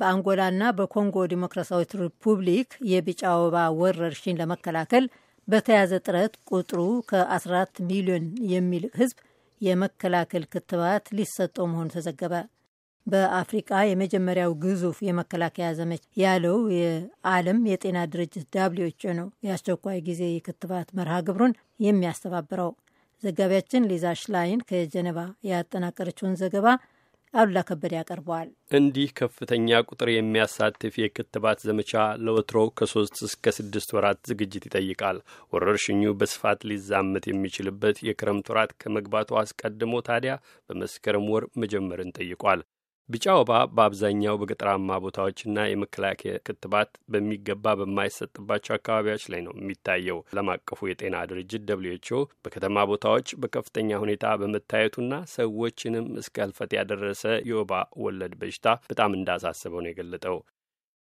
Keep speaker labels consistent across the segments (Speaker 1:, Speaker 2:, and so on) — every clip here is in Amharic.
Speaker 1: በአንጎላና በኮንጎ ዲሞክራሲያዊት ሪፑብሊክ የቢጫ ወባ ወረርሽኝ ለመከላከል በተያዘ ጥረት ቁጥሩ ከ14 ሚሊዮን የሚልቅ ህዝብ የመከላከል ክትባት ሊሰጠው መሆኑ ተዘገበ። በአፍሪቃ የመጀመሪያው ግዙፍ የመከላከያ ዘመቻ ያለው የዓለም የጤና ድርጅት ዳብሊዎች ነው የአስቸኳይ ጊዜ የክትባት መርሃ ግብሩን የሚያስተባብረው። ዘጋቢያችን ሊዛ ሽላይን ከጀነባ ያጠናቀረችውን ዘገባ አሉላ ከበደ ያቀርበዋል።
Speaker 2: እንዲህ ከፍተኛ ቁጥር የሚያሳትፍ የክትባት ዘመቻ ለወትሮ ከሶስት እስከ ስድስት ወራት ዝግጅት ይጠይቃል። ወረርሽኙ በስፋት ሊዛመት የሚችልበት የክረምት ወራት ከመግባቱ አስቀድሞ ታዲያ በመስከረም ወር መጀመርን ጠይቋል። ቢጫ ወባ በአብዛኛው በገጠራማ ቦታዎችና የመከላከያ ክትባት በሚገባ በማይሰጥባቸው አካባቢዎች ላይ ነው የሚታየው። ዓለም አቀፉ የጤና ድርጅት ደብሊውኤችኦ በከተማ ቦታዎች በከፍተኛ ሁኔታ በመታየቱና ሰዎችንም እስከ ህልፈት ያደረሰ የወባ ወለድ በሽታ በጣም እንዳሳሰበው ነው የገለጠው።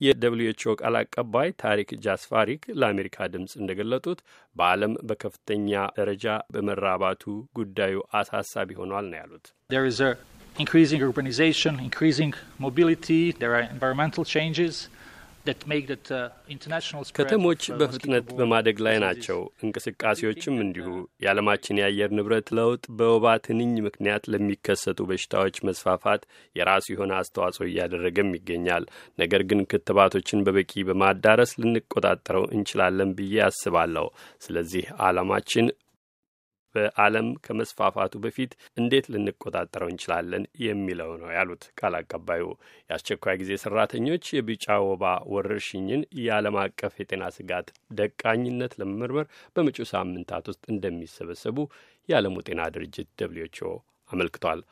Speaker 2: የደብሊውኤችኦ ቃል አቀባይ ታሪክ ጃስፋሪክ ለአሜሪካ ድምፅ እንደገለጡት በዓለም በከፍተኛ ደረጃ በመራባቱ ጉዳዩ አሳሳቢ ሆኗል ነው ያሉት።
Speaker 3: increasing urbanization, increasing mobility, there are environmental changes. Uh, ከተሞች uh, በፍጥነት
Speaker 2: በማደግ ላይ ናቸው። እንቅስቃሴዎችም እንዲሁ። uh, የዓለማችን የአየር ንብረት ለውጥ በወባ ትንኝ ምክንያት ለሚከሰቱ በሽታዎች መስፋፋት የራሱ የሆነ አስተዋጽኦ እያደረገም ይገኛል። ነገር ግን ክትባቶችን በበቂ በማዳረስ ልንቆጣጠረው እንችላለን ብዬ አስባለሁ። ስለዚህ ዓላማችን በዓለም ከመስፋፋቱ በፊት እንዴት ልንቆጣጠረው እንችላለን የሚለው ነው ያሉት ቃል አቀባዩ። የአስቸኳይ ጊዜ ሰራተኞች የቢጫ ወባ ወረርሽኝን የዓለም አቀፍ የጤና ስጋት ደቃኝነት ለመመርመር በመጪው ሳምንታት ውስጥ እንደሚሰበሰቡ የዓለሙ ጤና ድርጅት ደብልዩ አመልክቷል።